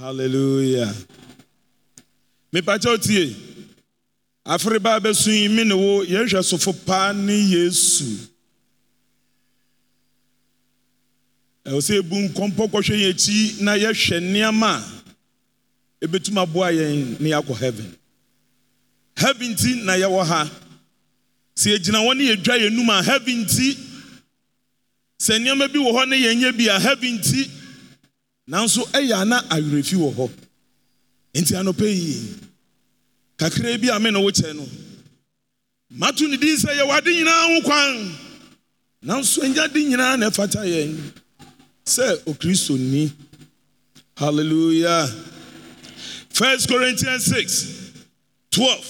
halleluya mepagya otie afere baa bɛso yi me ne wo yɛhwɛ sofo paa ne yesu ɛwɔ e sɛ ebu nkɔmpɔ kɔhwɛ yɛn akyi na yehwe nneɛma a e ebetumi aboa yɛn na yɛakɔ heaven heaven ti na yɛwɔ ha sɛ yɛgyina hɔ ne yɛdwa yɛn num a heaven ti sɛ nneɛma bi wɔ hɔ ne yɛnyɛ bi a heaven ti nanso ɛyɛ a na awerɛfi wɔ hɔ enti anɔpɛ yi kakra bi a me ne wo kyɛ no mato ne din sɛ yɛwɔ ade nyinaa ho kwan nanso ɛnyɛ de nyinaa na ɛfata yɛn sɛ okristoni hallelujah first corinthians 6 12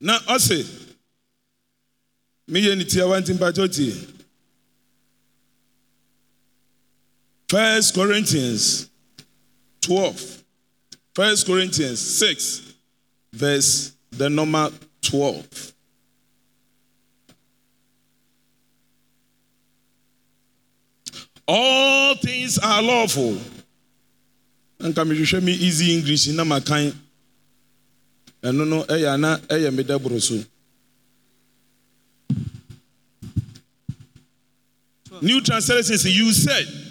na ɔse meyɛ ne tia wantimpakyɛ tie First Corinthians 12. 1 Corinthians 6, verse the number 12. All things are lawful. nka show me easy english na makan And no ɛyɛ ana ɛyɛ meda boro so new translation say you said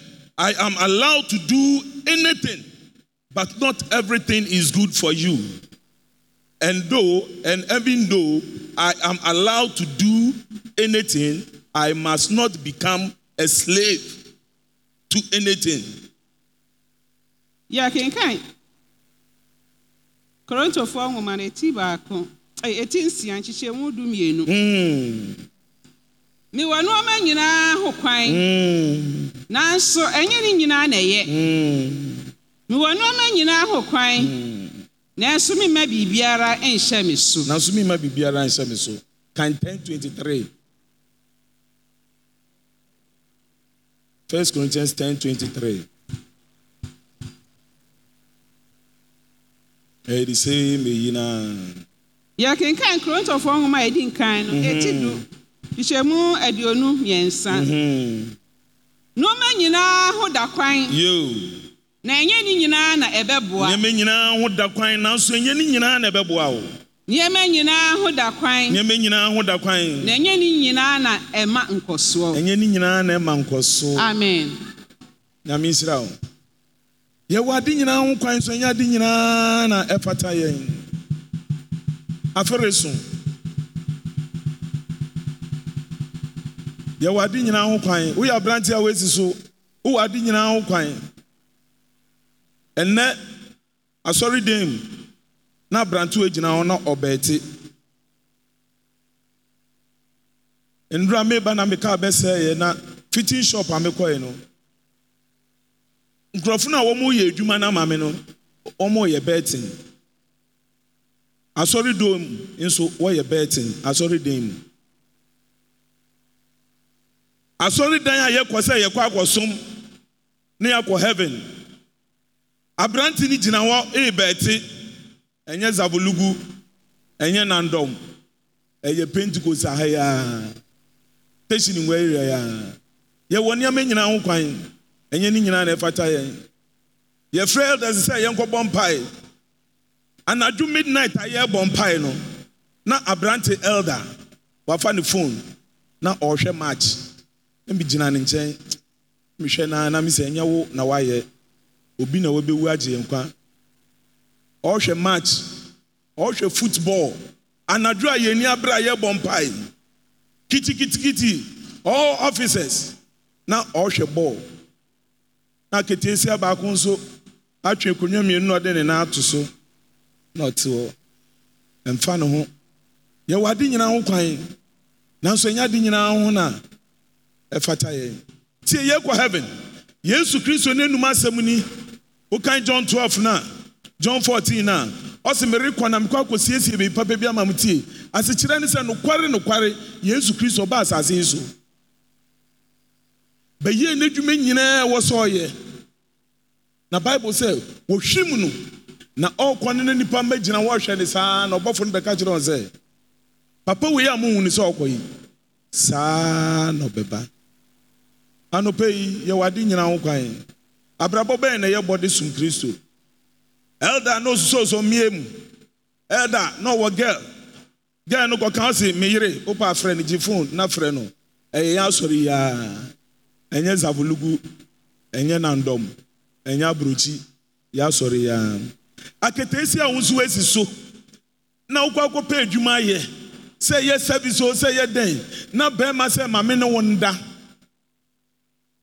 I am allowed to do anything, but not everything is good for you. And though, and even though I am allowed to do anything, I must not become a slave to anything. yɛkenkan korintofoɔ nwoma no ɛti baako ɛti nsia nkyekyɛ mu du mmienu mewɔ nneɔma nyinaa ho kwan mm. nanso ɛnyɛ ne nyinaa na ɛyɛ mewɔ mm. nneɔma nyinaa ho kwan mm. nanso memma biribiara nhyɛ me so nanso memma biribiara nhyɛ me so kan 1023 1 Corinthians 10:23. Ɛyɛ de sɛ meyina. Yɛkenkan Korintofoɔ nwoma a yɛdi nkan no, mm-hmm. ɛti do. nhyɛmu aduonu mmiɛnsa mhm. nneɛma nyinaa ho da kwan na ɛnyɛ ne nyinaa na ɛbɛboa nneɛma nyinaa ho da kwan nanso ɛnyɛ ne nyinaa na ɛbɛboa o nneɛma nyinaa ho da kwan nneɛma nyinaa ho da kwan na ɛnyɛ ne nyinaa na ɛma nkɔsoɔ ɛnyɛ ne nyinaa na ɛma nkɔsoɔ amen nyame nsira o yɛwɔ ade nyinaa ho kwan so ɛnyɛ ade nyinaa na ɛfata yɛn afere so yɛwɔ ade nyinaa ho kwan woyɛ aberante a woasi so wowɔ ade nyinaa ho kwan ɛnnɛ asɔredan mu na aberantewa gyina hɔ na ɔbɛɛte ndura meba na meka bɛsɛeɛ na fitin shop a mekɔe no nkurɔfo no a wɔmyɛ adwuma na ama me no wɔmyɛ bɛɛten asɔredan mu nso wɔyɛ bɛɛten asɔredan mu asɔredan a yɛkɔ sɛ yɛkɔ akɔsom ne yɛakɔ heaven aberante no gyina hɔ rebɛɛte ɛnyɛ zabolugu ɛnyɛ nandɔm ɛyɛ pentecost aha yi ara station wɔ area yi yɛwɔ nneɛma nyinaa ho kwan ɛnyɛ ne nyinaa na ɛfata yɛn yɛfrɛ elders sɛ yɛnkɔbɔ mpae anadwo midnight a yɛrebɔ mpae no na aberante elder wafa ne phone na ɔrehwɛ march. ebi gyina ne nkyɛn mehwɛ na na mesɛ ɛnyɛ wo na wayɛ obi na wabɛwu agye yɛn kwa ɔrehwɛ match ɔrehwɛ football anadwo a yɛn ni abere a yɛbɔ mpae kitikitikiti all officers na ɔrehwɛ ball na keteesia baako nso atwe nkonnwa mmienu na ɔde ne nan ato so na ɔte hɔ mfa ne ho yɛwɔ ade nyinaa ho kwan nanso ɛnyɛ ade nyinaa ho na. ɛfata yɛn tie yɛkɔ heaven yesu kristo ne num asɛm ni wokan john 12 na john 14 na ɔsɛ merekɔ na mekɔ akɔsiesie bɛyi papa bi ama m tie asekyerɛ ne sɛ nokware nokware yesu kristo ɔba asase yi so bɛyie n'adwuma nyinaa ɛwɔ sɛ ɔyɛ na bible sɛ wɔhwim no na ɔrekɔ ne no nnipa mmɛgyina wɔrehwɛ ne saa na ɔbɔfo no bɛka kyerɛ wɔn sɛ papa wei a mohu ne sɛ ɔkɔ yi saa na ɔbɛba anope yi yɛwɔ ade nyina ho kwan abrabɔ bɛn na yɛbɔ de som kristo elda na osusooso mmie mu elda na ɔwɔ girl girl no kɔka wo se meyere wopɛ afrɛ no gye phone na frɛ no ɛyɛ yɛ asɔre yiaa ɛnyɛ zavolugu ɛnyɛ nandɔm ɛnyɛ aburokyi yɛ asɔre yiaa aketeesi a wo nso woasi so na wokɔ akɔpɛ adwuma ayɛ sɛ yɛ service o sɛ yɛ dɛn na bɛrima sɛ mame ne wo nda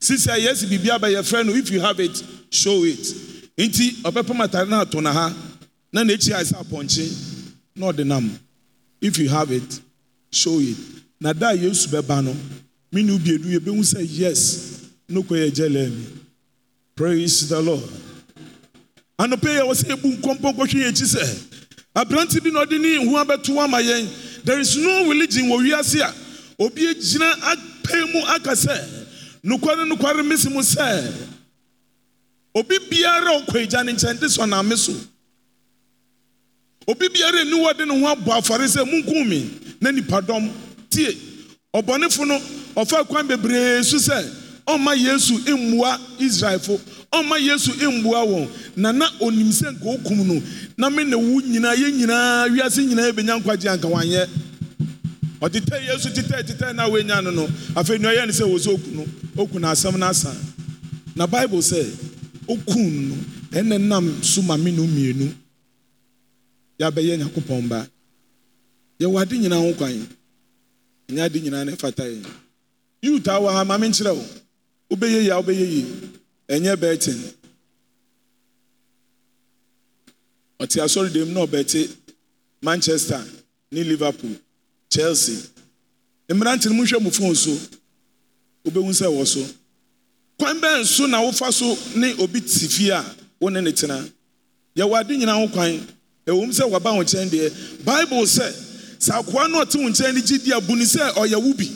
sisi a yɛsi biribi aba yɛfrɛ no if you have it show it nti ɔbɛpam atare no ato na ha na n'akyi ayɛ sɛ apɔnkye na ɔde nam if you have it show it na da a yesu bɛba no me ne obienu yɛbɛhu sɛ yes nokɔ yɛ gyɛlɛ mi praise the lord anɔpɛ yɛ wɔ sɛ yɛbu nkɔmpɔ nkɔhwɛ yɛn akyi sɛ aberante bi na ɔde ne nhu abɛto ama yɛn there is no religion wɔ wiase a obi gyina apɛ mu aka sɛ nokware nokware mesi mu sɛ obi biara a ɔkɔ agya ne nkyɛn de sɔ naame so obi biara ani wɔde ne ho abɔ afɔre sɛ munkum me na nipadɔm tie ɔbɔnefo no ɔfa kwan bebree so sɛ ɔmma yesu mmua israelfo ɔmma yesu mmua wɔn na na onim sɛ nka okum no na me ne wo nyinaa yɛn nyinaa wiase nyinaa yɛbɛnya nkwagye anka wanyɛ ɔtetɛ yesu tetɛ tetɛ na wei nya no no afei nea ɔyɛ no sɛ wɔ na oku no oku no asɛm no asa na bible sɛ okun no ɛnɛ nam so ma no mmienu yɛabɛyɛ nyankopɔn ba yɛwɔ ade nyinaa ho kwan ɛnyɛ ade nyinaa ne fata yɛ wɔ ha wo wobɛyɛ yie a wobɛyɛ yie ɛnyɛ ɔte asɔredan mu na ɔbɛte manchester ne liverpool chelsea mmerante no monhwɛ mu phone so wobɛhu sɛ wɔ so kwan bɛn so na wofa so ne obi te fie a wo ne ne tena yɛwɔ ade nyinaa ho kwan ɛwom sɛ waba wo nkyɛn deɛ bible sɛ sɛ akoa no ɔte wo nkyɛn no gyidi abu ne sɛ ɔyɛ wo bi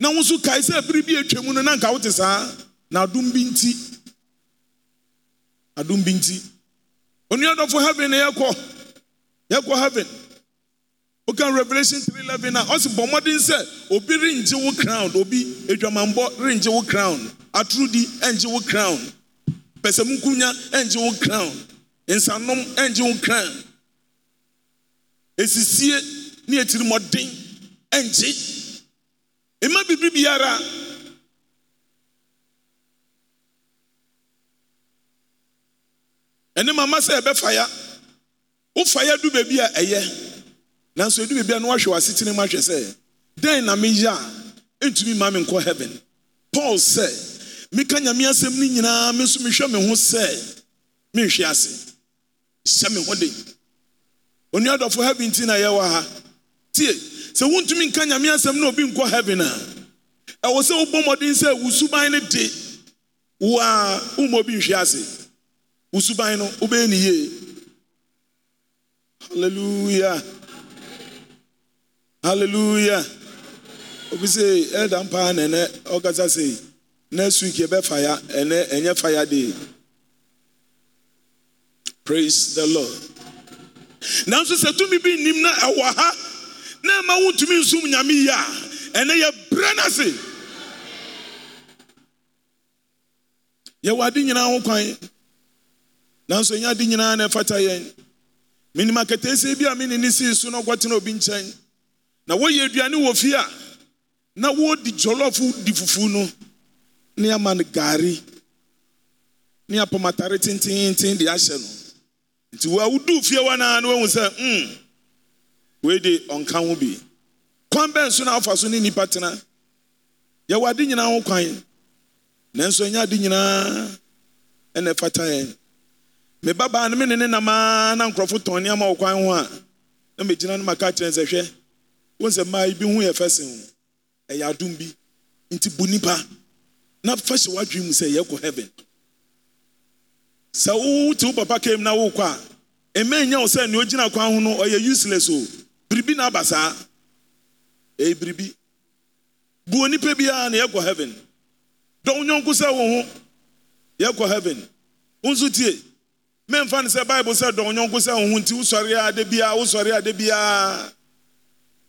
na wo nso kae sɛ bere bi atwa mu no na nka wote saa na adom bi nti adom bi nti onua dɔfo heaven na yɛkɔ yɛkɔ heaven woka revelation 311 na ɔse bɔ mmɔden sɛ obi rengye wo crown obi adwamambɔ rengye wo crown atorodi ɛngye wo crown pɛsɛmunkunya ɛngye wo crown nsanom ɛngye wo crown esisie ne etirimɔden ɛngye mma bibiri biara ɛne mama sɛ ɛbɛfa ya wofa ya du baabi a ɛyɛ nanso edu biribi a na wahwɛ w'asetena mu ahwɛ sɛ dɛn na meyɛ ya ntumi maa me nkɔ heaven paul sɛ meka nyame asɛm no nyinaa me nso mehwɛ me ho sɛ menhwe ase hyɛ me ho de onua dɔfo heaven ti na yɛwɔ ha tie sɛ wontumi nka nyame asɛm na obi nkɔ heaven a ɛwɔ sɛ wobɔ mmɔden sɛ wo suban de wo a obi nhwe ase wo no wobɛyɛ ne yie hallelujah hallelujah obise elda mpaa na ɛnɛ ɔkasa sɛ next week yɛbɛ fire ɛnɛ ɛnyɛ fire day praise the lord nanso sɛ tumi bi nnim na ɛwɔ ha na ɛma wontumi nsum nyame yie a ɛnɛ yɛbrɛ no ase yɛwɔ ade nyinaa ho kwan nanso ɛnyɛ ade nyinaa na ɛfata yɛn menim akatɛsɛ bi a me ne ne sii so na ɔkɔtena obi nkyɛn na woyɛ aduane wɔ fie a na wɔdi kyɔlɔfo di fufuu no ne ɛma no gare ne yɛpɔmatare tenteten de ahyɛ no niwoduu fieana u sɛ wn ɛ sona wɔfaso ne niaeaye nyinaokwa nankrɔfo tɔne ama wo kwan ho a na mgyina no maka kyeɛsɛɛ wɔn sɛ mmaa yi bi ho yɛ fɛsɛn ho ɛyɛ adum bi nti bu nipa na fɛhyɛ wadwi mu sɛ yɛkɔ heaven sɛ wowu wo papa na wokɔ a nya wo sɛ ogyina kwan ho no ɔyɛ useless o biribi na aba saa ɛyɛ biribi biara na yɛkɔ heaven dɔn nyɔnko sɛ wo ho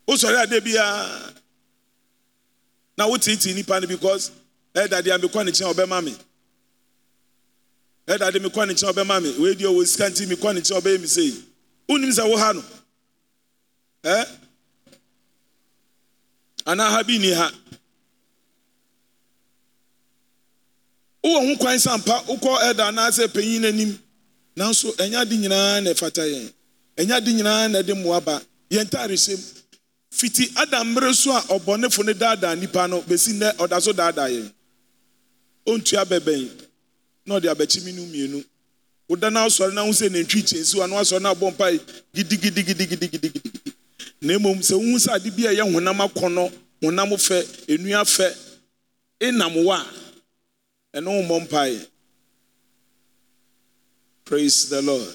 wosɔre ada bia na woteete nnipa no because ɛdade eh, a mekɔne kyeɛ ene kye ne yeyɛ woni sɛ woh o anaaha innh wowɔ ho kwan sampa woada anaasɛ pyinno ni naya de yinaa ne aɛydyinaa ne doaa yɛaeɛm fiti adam mmere so a ɔbɔnefo ne daadaa nnipa no bɛsi nnɛ ɔda so daadaa yɛn ɔntua bɛbɛn na ɔde abɛkyimi no mmienu woda no asɔre no ho sɛ nantwi kyɛnsi ano asɔre no abɔ mpae gidigidigidigidigidigidi na mmom sɛ wohu sɛ ade bi a ɛyɛ honam akɔnnɔ honam fɛ enua fɛ ɛnam wa ɛno mmɔ mpae praise the lord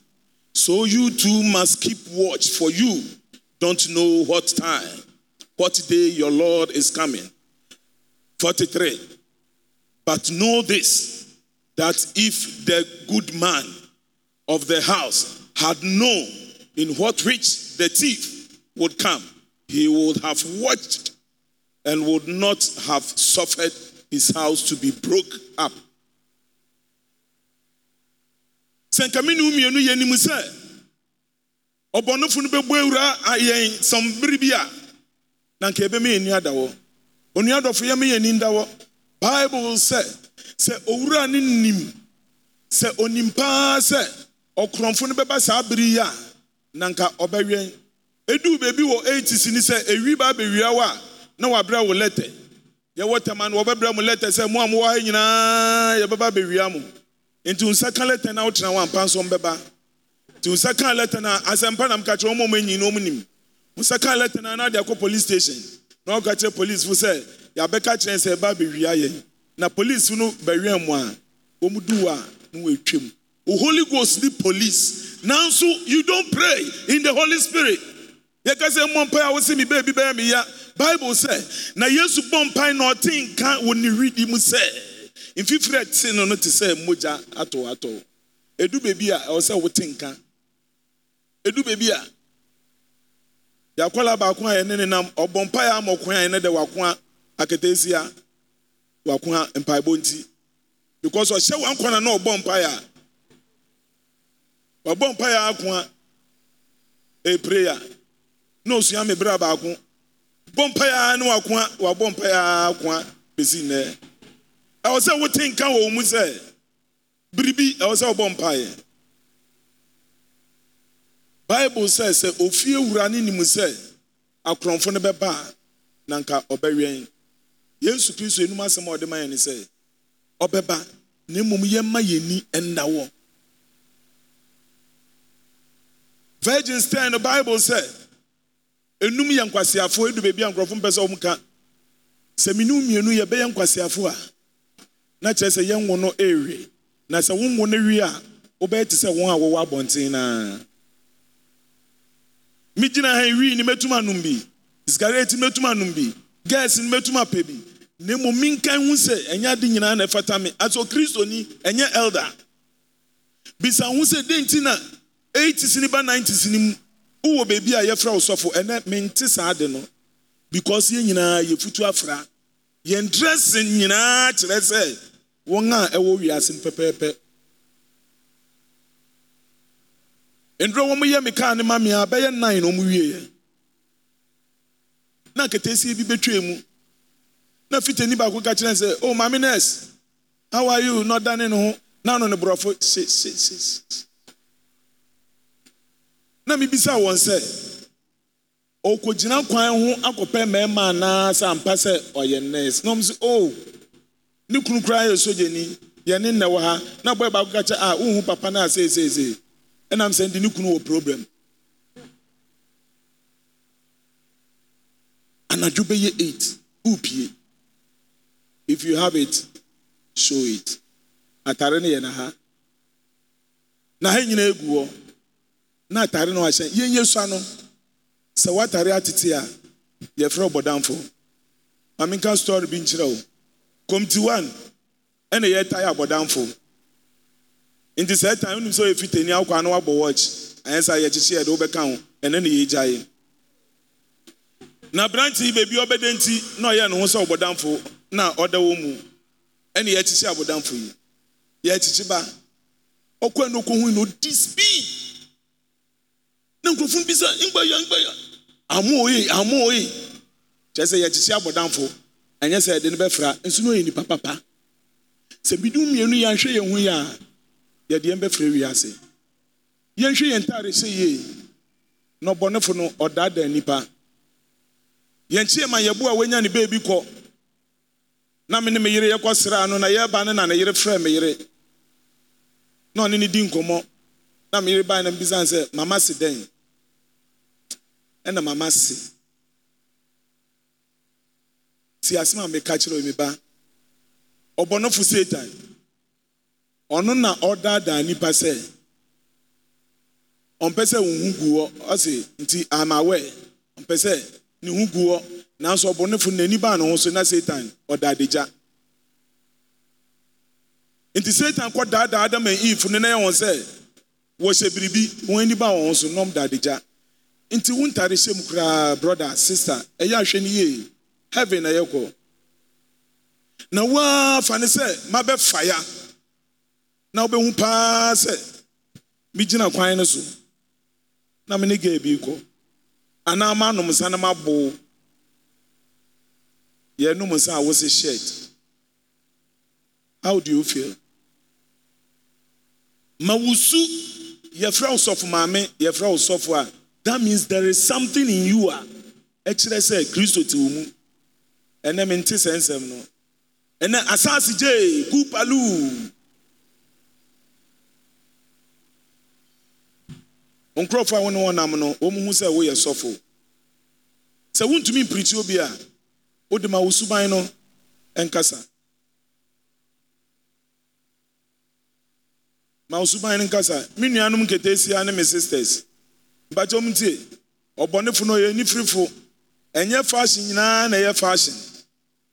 So you too must keep watch, for you don't know what time, what day your Lord is coming. 43. But know this, that if the good man of the house had known in what which the thief would come, he would have watched and would not have suffered his house to be broke up. sɛ nka mmienu yɛ nim sɛ ɔbɔnefo no bɛbɔ awura yɛn sɔmbere bi a na nka ɛbɛma yɛni ada wɔ onua dɔfo yɛma yɛni da wɔ bible sɛ sɛ owura no nim sɛ onim paa sɛ ɔkorɔmfo no bɛba saa bere yi a na nka ɔbɛwɛn ɛduu baabi wɔ 80s ni sɛ ɛwi baa bɛwia wo a na wabrɛ wo lɛtɛ yɛwɔ tɛma no wɔbɛbrɛ mo lɛtɛ sɛ mo a mowɔ ha nyinaa yɛbɛba bɛwia mo nti nsa ka lɛtɛ na wotena wa mpa nso mbɛba nti nsa ka lɛtɛ na asɛmpa na mka wɔn mu enyi na nim lɛtɛ na anadi akɔ police station na ɔka kyerɛ police fo sɛ yabɛka kyerɛ sɛ ɛba abɛwia yɛ na police no bɛwia mu a wɔn du na mu o holy ghost ni police nanso you don pray in the holy spirit yɛka sɛ mmɔ mpae a wosi mi beebi bɛyɛ mi ya bible sɛ na yesu bɔ mpae na ɔte nka wɔ ne ridi mu sɛ. mfifiri a ti no no te sɛ mogya atɔ atɔ edu beebi a ɛwɔ sɛ wote nka edu beebi a yakwala baako a yɛne nenam ɔbɔ mpa yɛ ama kwan a yɛne dɛ wako aketesia wako mpaebɔ nti because ɔhyɛ wɔn kwan na ɔbɔ mpa yɛ a ɔbɔ mpa yɛ ako a ɛyɛ na osua mebra baako bɔ mpa yɛ a ne wako a wabɔ mpa yɛ a besi nnɛɛ. ɛwɔ sɛ wote nka wɔwo mu sɛ biribi ɛwɔ sɛ wɔbɔ mpaɛ bible sɛ sɛ ofie wura ne nim sɛ akorɔmfo no bɛba a nanka ɔbɛwɛn yesu kristo anom asɛm a ɔde ma yɛne sɛ ɔbɛba ne mom yɛma yɛnni ɛnna wɔ virgens tɛn no bible sɛ ɛnum yɛ nkwaseafo ɛdu bebi a nkrɔfo mpɛ sɛ womka sɛ men yɛbɛyɛ nkwaseafo a na kyerɛ sɛ yɛn wo no na sɛ wo wo no wie a wobɛyɛ te sɛ wɔn a wɔwɔ abɔnten naa megyina ha wii ne mɛtum anom bi sigareti mɛtum bi gas no mɛtum bi na mmom menkan hu sɛ ɛnyɛ ade nyinaa na ɛfata me asɛ kristoni ɛnyɛ elder bisa ho sɛ dɛn nti na 80s ne ba 90s ne mu wowɔ baabi a yɛfrɛ wo sɔfo ɛnɛ mente saa ade no because yɛn nyinaa afra yɛn dressing nyinaa kyerɛ sɛ wọn a ɛwɔ wiase pɛpɛɛpɛ nduro wɔn yɛ mi kaa ne ma mia bɛyɛ nnan na wɔn wie yɛ na ketesie bi betwa mu na fitani baako ka kyerɛ sɛ oh maame nurse how are you na ɔdane ne ho na ano ne borɔfo se se se na mibisa wɔn sɛ ɔkɔgyina kwan ho akɔpɛ mmarima anaa sɛ ampa sɛ ɔyɛ nurse na wɔn sɛ oh. ne kunu koraa yɛ sogyani yɛne nna wɔ ha na bɔyɛ baako ka kyɛ a wohu papa no a seeseesee ɛnam sɛ nde ne kunu wɔ problem anadwo bɛyɛ 8 wopie if you have it show it atare no yɛ na ha na ha nyina egu hɔ na atare no ahyɛn yɛnyɛ sua no sɛ woatare atete a yɛfrɛ ɔbɔdamfo mamenka story bi nkyerɛ wo komtiwan ɛna yɛ tae abɔdamfo nti sɛ ɛtan wonim sɛ ɔyɛ fitani akwa na wabɔ watch ayɛ sɛ yɛkyekye yɛde wobɛka ho ɛne ne yɛgyaeɛ na aberante yi baabi ɔbɛde nti na ɔyɛ ne ho sɛ ɔbɔdamfo na ɔda wɔ mu ɛne yɛkyekye abɔdanfo yi yɛkyekye ba ɔkɔ ɛna ɔkɔhu na ɔdi speed na nkurɔfo bi sɛ ngbaya ngbaya amoo yi amoo yi kyerɛ sɛ yɛkyekye abɔdamfo ɛnyɛ sɛ ɛde n bɛfrɛ nso n ɔyɛ nipa apa smiduiyɛnhɛ yɛyɛ a yɛdeɛɛfɛ iseɛ yɛaɛiɔnfo ɔdadkyiɛ mayɛboa anyane bebi kɔ na me ne me yere yɛkɔ sraa no na yɛba ne na ne yere frɛ me yere na ɔne ne di nkɔmmɔ na me yere ba nam bisane sɛ mama se dɛn ɛna mama se ti asɛm a meka kyerɛ me ba ɔbɔnɔfo satan ɔno na ɔdaadaa nipa sɛ ɔmpɛ sɛ wo ho gu hɔ ɔse nti amawɛ ɔmpɛ sɛ ne ho gu hɔ nanso ɔbɔnɔfo n'ani baa ne ho so na satan ɔdaadagya nti satan kɔ daadaa adama and eve no na yɛ wɔn sɛ wɔhyɛ biribi wɔn ani baa wɔn ho so nɔm daadagya nti wo ntare hyɛm koraa brother sister ɛyɛ ahwɛ no yie heaven na ɛyɛ kɔ na waa fa ma sɛ fa ya na wobɛhu paa sɛ gyina kwan no so na me ne gaa bi kɔ anaa manom nsa no mabo yɛnom nsa a wose shirt how do you feel ma wusu yɛfrɛ wo sɔfo maame yɛfrɛ wo sɔfo a that means there is something in you a ɛkyerɛ sɛ kristo te wo mu ɛnɛ me nte sɛ no ɛnɛ asase gye gu paluu nkurɔfoɔ a wo ne wɔnam no wɔmuhu sɛ woyɛ sɔfo sɛ wontumi mpirikyi obi a wode ma wo suban no nkasa ma wo suban no nkasa me nuanom nketesia ne me sisters mpakyɛ m tie ɔbɔnefo no ɔyɛ nifirifo ɛnyɛ fashion nyinaa na ɛyɛ fashion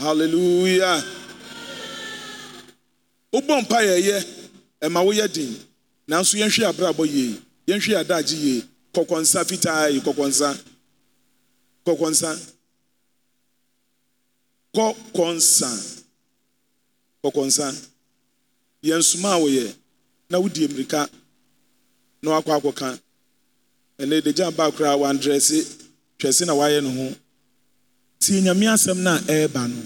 hallelujah wobɔ mpa yɛyɛ ɛma woyɛ na nso yɛnhwɛ abrabɔ yie yɛnhwɛ adagye yie kɔkɔnsa fitaa yi kɔkɔnsa kɔkɔnsa kɔkɔnsa kɔkɔnsa yɛn soma a wɔyɛ na wodi mmirika na wakɔ akɔka ɛnna edegya mbaa wa wandrɛse twɛse na wayɛ ne ho. tie nyame asɛm na a ɛreba no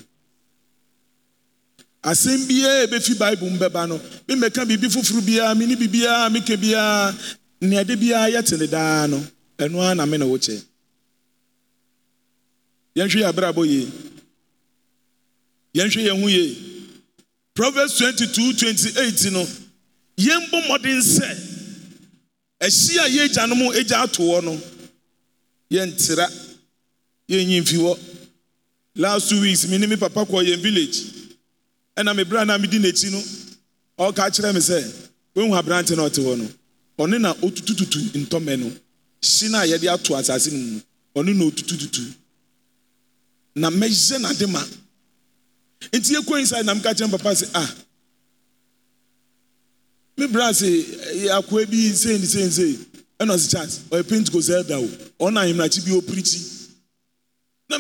asɛm biara ɛbɛfi bible mu bɛba no memɛka biribi foforo biara mene biribiara meka biara neade biara yɛte ne daa no ɛno ara na me ne wo kyɛ yɛnhwɛ yɛ ye yie yɛnhwɛ yɛn ho yie proverbs 22 28 no yɛmbɔ mmɔden sɛ ɛhyi a yɛn agyanom agya atoɔ no yɛntera yɛnyi mfi last two weeks me ne me papa kɔ yɛn village ɛna me bra na me di n'akyi no ɔka kyerɛ me sɛ wehu aberante na ɔte hɔ no ɔne na otutututu ntɔmɛ no hyi na yɛde ato asase no mu na otutututu na mɛhyɛ n'ade ma nti ekɔ inside na meka kyerɛ papa sɛ ah me bra akoa bi ɛna ɔsi chance ɔyɛ paint o ɔna bi opirikyi na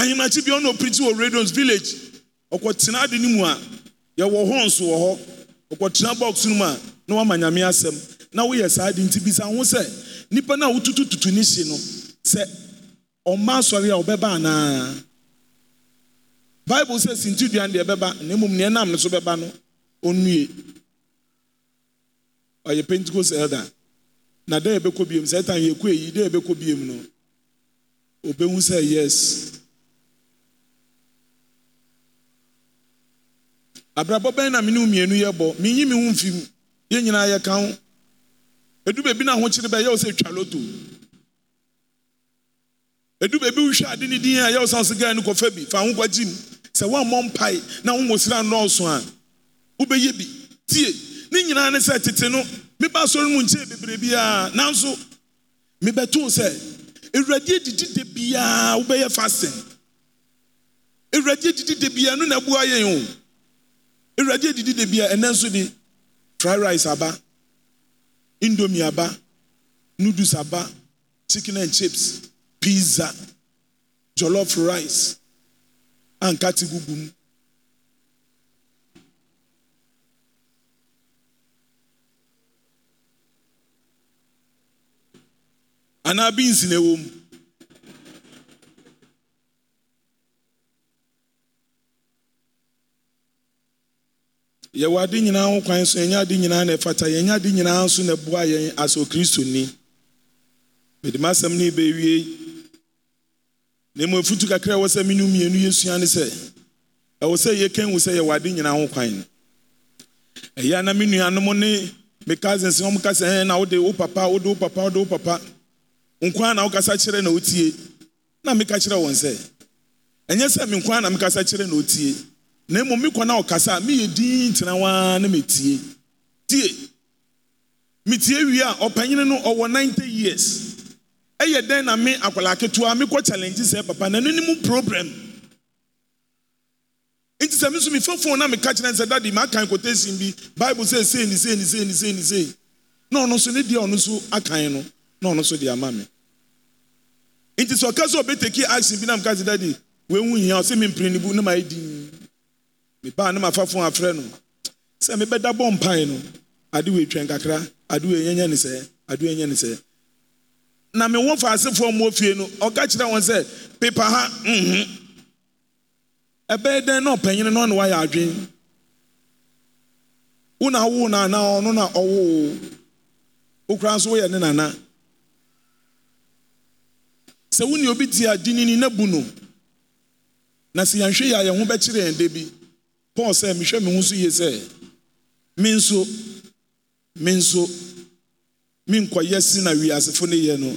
ahemakye bia ɔna ɔpirikyi wɔ radios village ɔkɔtena ade no mu a yɛwɔ hɔ nso wɔ hɔ ɔkɔtena box no mu a na wama nyame asɛm na woyɛ saa de nti bisa ho sɛ nnipa no a tutu ne hye no sɛ ɔmma asɔre a ɔbɛba anaa bible sɛ sintidua no deɛ ɛbɛba na mmom neɛ nam nso so bɛba no ɔnnue ɔyɛ pentecost elder na dɛ yɛbɛkɔ biom sɛ ɛtan yɛkɔ eyi dɛ yɛbɛkɔ biom no ɔbɛhu sɛ yes abrabɔ bɛn na me ne mmienu yɛ bɔ menyi me ho mfi mu nyinaa yɛka ho edu baabi na ahokyere bɛyɛ wo sɛ twa loto edu baabi wohwɛ ade ne din a yɛwo san so gaa no kɔfa bi fa ho kɔgye mu sɛ woammɔ mpae na wowɔ sira nnɔɔso a wobɛyɛ bi tie ne nyinaa ne sɛ tete no meba asɔre mu nkyɛn bebree biara nanso mebɛtoo sɛ awurade adidi da biara wobɛyɛ fasting awurade adidi da biara no na ɛboa yɛn o awurade adidi da bi a ɛnɛ nso de fried rice aba indomie aba noodles aba chicken and chips pizza jollof rice ankate gugu mu anaa beans na ɛwɔ yɛwɔ ade nyinaa ho kwan so yɛnyɛ ade nyinaa na ɛfata yɛnyɛ ade nyinaa nso na ɛboa yɛn asɛ okristoni mede m'asɛm no bɛwie na mmom afutu kakra ɛwɔ sɛ menu mmienu yɛsua ne sɛ ɛwɔ sɛ yɛkan wu sɛ yɛwɔ ade nyinaa ho kwan ɛyɛ na me nuanom ne me cousins wɔn kasa ɛn na wode wo papa wode wo papa wode wo papa nkwan na wokasa kyerɛ na wotie na meka kyerɛ wɔn sɛ ɛnyɛ sɛ me nkwan na mekasa kyerɛ na otie aɛa ɔaene no ɔwɔ 0 years yɛ dɛn na me akalaketoa mekɔ challengye sɛ papa nano nomu probrem nti sɛ meso mefefuu na me ka kyena nsɛ dade meakae ɔsim bi bile sɛɔasɛ ɔbɛtae ae bina meae adi usɛ mepne u namadi mebaa ne mafafo afrɛ no sɛ mebɛda bɔ mpae no ade wei twɛn kakra ade wei nyɛnyɛ ne sɛ ade wei nyɛ ne sɛ na me wɔn faasefoɔ mmɔ fie no ɔka kyerɛ wɔn sɛ pepa ha nhu ɛbɛyɛ dɛn na ɔpanyin na ɔne wayɛ adwene wo na wo na ana ɔno na ɔwo wokura nso woyɛ ne nana sɛ wo ne obi ti a gyinini na bu no na sɛ yɛnhwɛ yɛ a yɛn ho bɛkyerɛ yɛn de bi paul sɛ mehwɛ me ho so yie sɛ me nso me nso menkɔyɛ si na wiasefo no yɛ no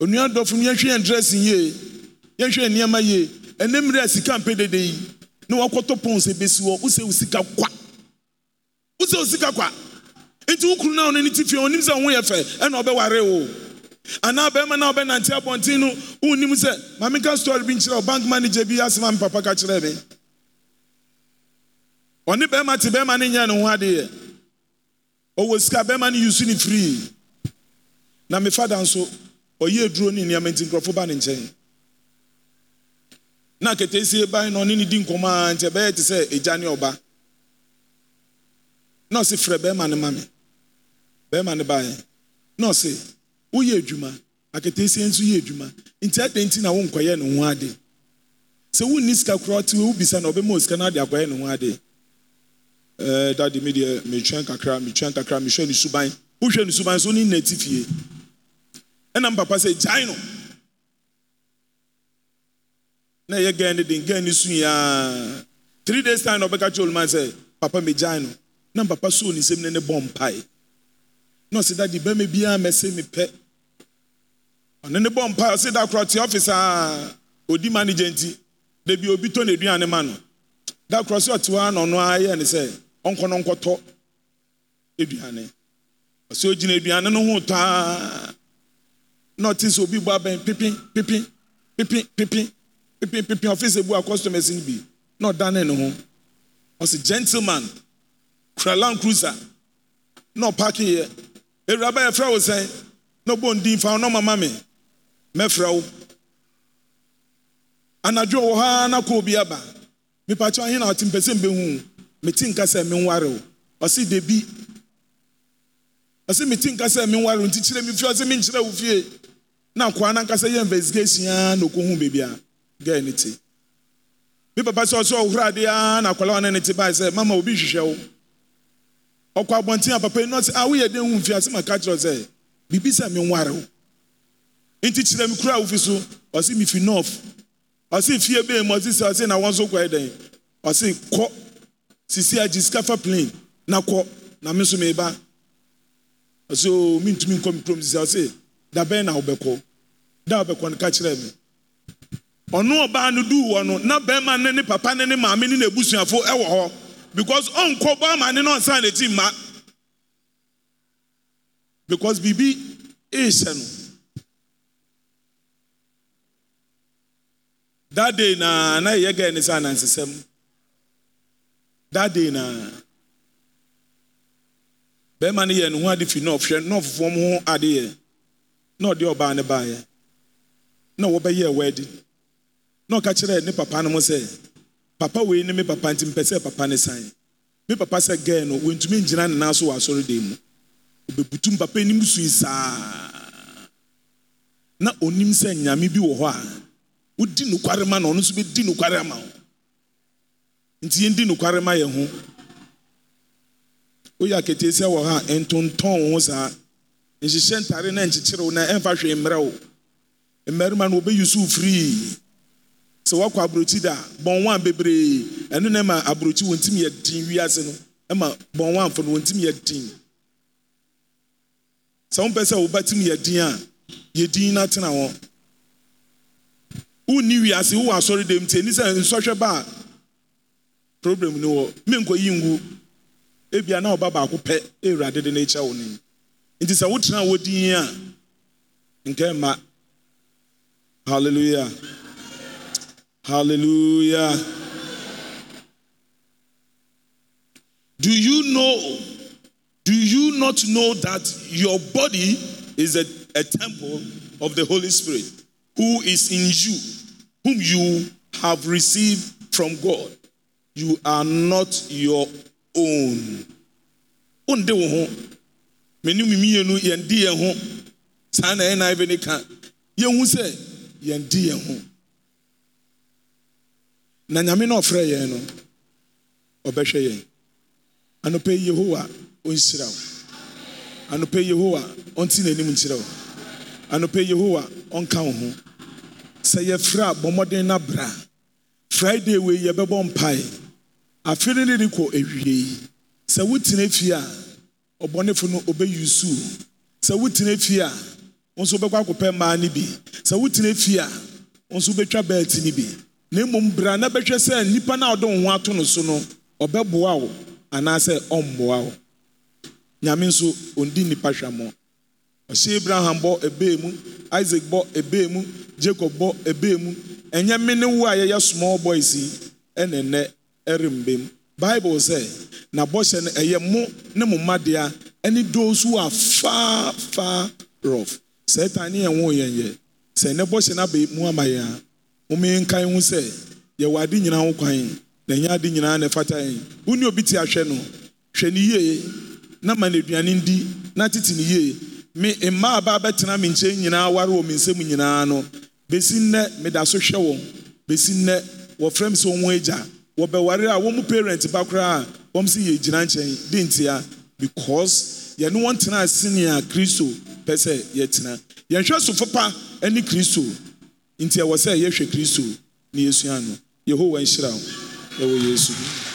onua dɔfo no yɛhwɛ yɛn dressing yie yɛhwɛ yɛn nneɛma yie ɛnɛ mmerɛ a sika mpɛ dede yi na wakɔtɔ pɔn sɛ besi hɔ wosɛ wo sika kwa wosɛ wo sika kwa nti wokuru no a ɔno ne ti fie ɔnim sɛ wo yɛ fɛ ɛna ɔbɛware wo anaa bɛrima no ɔbɛnante abɔnten no wonnim sɛ mameka story bi nkyerɛ wo bank manager bi asɛm me papa ka kyerɛ me ɔne bɛrima te bɛrima no nyɛ ne ho adeɛ ɔwɔ sika bɛrima no yusu ne firii na me fada nso ɔyɛ aduro ne nneɛma nti nkurɔfo ba ne na ketesie ban na ɔne ne di nkɔmɔ a nti ɛbɛyɛ te sɛ egya ne ɔba na ɔsi frɛ bɛrima no ma me bɛrima no baeɛ na ɔsi woyɛ adwuma aketesie nso yɛ adwuma nti ɛdɛ nti na wɔnkɔyɛ ne ho ade sɛ sika ɔte bisa na ɔbɛma osika ade akɔyɛ ɛɛ eh, dade mi deɛ metwɛn kakra metwɛn kakra mehwɛ ni suban wohwɛ ni suban so ne nna ti fie ɛna mpapa sɛ gyae no na ɛyɛ gɛn ni den gɛn ne su yaa three days time na ɔbɛka kyerɛ oluman sɛ papa me gyae no na mpapa so ne nsɛm ah, ne ne bɔ mpae na ɔsɛ dade bɛrima biara se me pɛ ɔne ne bɔ mpae ɔsɛ da korɔ te ɔfis a odi manager nti debi obi tɔ ne aduane ma no da korɔ sɛ ɔte hɔ a na ɔno ara sɛ ɔnkɔ no nkɔtɔ aduane ɔsɛ ogyina aduane no ho taa na ɔte sɛ obi bɔ abɛn pepe pepe pepe pepe pepe pepe ɔfisɛ bu a customers no bi na ɔdane ne ho ɔsɛ gentleman kura land cruiser na ɔpaaki yɛ ewuraba yɛfrɛ wo sɛn na ɔbɔ ndin fa ɔnɔ mama mi mɛfrɛ wo anadwo wɔ ha na kɔ obi aba mipakyɛ ahen na ɔte mpɛsɛ mbɛhu. meti nka sɛ menware o ɔse debi ɔse meti nka sɛ menware wo nti kyerɛ me fie ɔse menkyerɛ wo fie na akoa no ankasa yɛ investigation a na ɔkɔhu baabi a gɛɛ ne te bi papa sɛ ɔsɛ ɔhora adi a na akwala wa ne ne te sɛ mama obi hwehwɛ o ɔkɔ abɔnten a papa yi nɔse a ah, woyɛ den hu mfie ase ma ka kyerɛ sɛ biribi sɛ menware wo nti kyerɛ kura wo fi so ɔse mefi north ɔse fie bɛɛ mu ɔse sɛ ɔse na wɔn nso kɔɛ kɔ sisi agye sika fa plane na kɔ na me nso meba ɔsɛ o oh, mintumi nkɔ mi kurom sisi ɔsɛ da bɛn na ɔbɛkɔ da ɔbɛkɔ no ka kyerɛ mi ɔno ɔbaa no duu wɔ no na bɛrima ne ne papa ne ne maame ne n'ebusuafo ɛwɔ hɔ because ɔnkɔ bɔ ama ne na ɔsan n'akyi mma because biribi ehyɛ no. that day na na yɛ gɛɛ ne sɛ anansesɛm that day na bɛrima no yɛ ne ho ade fi nɔf hwɛ nɔf fɔm ho ade yɛ na ɔde ɔbaa ne baeɛ na wɔbɛyɛ wɛdi na ɔka kyerɛ ne papa no mo sɛ papa wei ni me papa nti mpɛ sɛ papa ne san me papa sɛ gɛɛ no wɔntumi ngyina ne nan so wɔ asɔredan mu butu papa anim sui saa na onim sɛ nyame bi wɔ hɔ a wodi nokware ma na ɔno nso bi di nokware ama wo nti yɛndi nokware ma yɛn ho woyɛ aketeesia wɔ ha ntontɔn wo ho saa nhyehyɛ ntare na nkyekyere wo na ɛmfa hwee mmerɛ wo mmarima no wɔbɛyi so firii sɛ woakɔ aburokyi da bɔnwan bebree ɛno na ɛma aburokyi wɔn ntumi yɛ din wiase no ɛma bɔnwanfo no wɔn ntumi yɛ din sɛ wɔn sɛ wɔn yɛ din a yɛ din na tena wɔn wonni wiase wowɔ asɔre dɛm tie ni sɛ nsɔhwɛ ba a problem no wɔ menkɔyi ngu ebia na ɔba baako pɛ ewurade de n'ekyɛ wɔ ne mu nti sɛ wotena wɔ din a nkɛ mma hallelujah hallelujah do you know do you not know that your body is a, a temple of the holy spirit who is in you whom you have received from god you are not your own wonde wo ho menim mmienu yɛndi yɛn ho saa na ɛna ebe ne ka yɛhu sɛ yɛndi yɛn ho na nyame na ɔfrɛ yɛn no ɔbɛhwɛ yɛn anɔpɛ yehowa ɔnhyira wo anɔpɛ yehowa ɔnte n'anim nkyerɛ wo anɔpɛ yehowa ɔnka wo ho sɛ yɛfrɛ a bɔ mmɔden na bra friday wei yɛbɛbɔ mpae afi no ne de kɔ awie yi sɛ wotena fie a ɔbɔnefo no ɔbɛyi suu sɛ wotena fie a nso wobɛkɔ akɔpɛ mmaa no bi sɛ wotena fie a nso wobɛtwa belt no bi na mmom bra na bɛhwɛ sɛ nnipa no a ɔde wo ho ato no so no ɔbɛboa wo anaasɛ ɔmmoa wo nyame nso ɔndi nnipa hwɛ ɔhyɛ abraham bɔ ebee mu isaac bɔ ebee mu jacob bɔ ebee mu ɛnyɛ me ne a yɛyɛ small boys yi ɛna rembem bible sɛ n'abɔhyɛ no ɛyɛ mo ne mo madea dea ne those who are far far off sɛɛtan ne yɛn wo yɛn yɛ sɛ ne bɔhyɛ no abɛ mu ama yɛn a momenkan ho sɛ yɛwɔ ade nyinaa ho kwan na ɛnyɛ ade nyinaa na ɛfata yɛn wo ne obi te ahwɛ no hwɛ ne yie na ma no aduane ndi na tete ne yie me mmaa aba abɛtena me nkyɛn nyinaa ware wɔ me nsam nyinaa no bɛsi nnɛ meda so hwɛ wɔn bɛsi nnɛ wɔfrɛ me sɛ wɔn agya wɔbɛware a wɔn parent ba koraa a wɔn si yɛ gyina nkyɛn di ntia because yɛne wɔn tena ase nea kristo pɛ sɛ yɛtena yɛnhwɛ sofo pa ne kristo nti ɛwɔ sɛ yɛhwɛ kristo ne yɛsua no yehowa nhyira wo ɛwɔ yesu.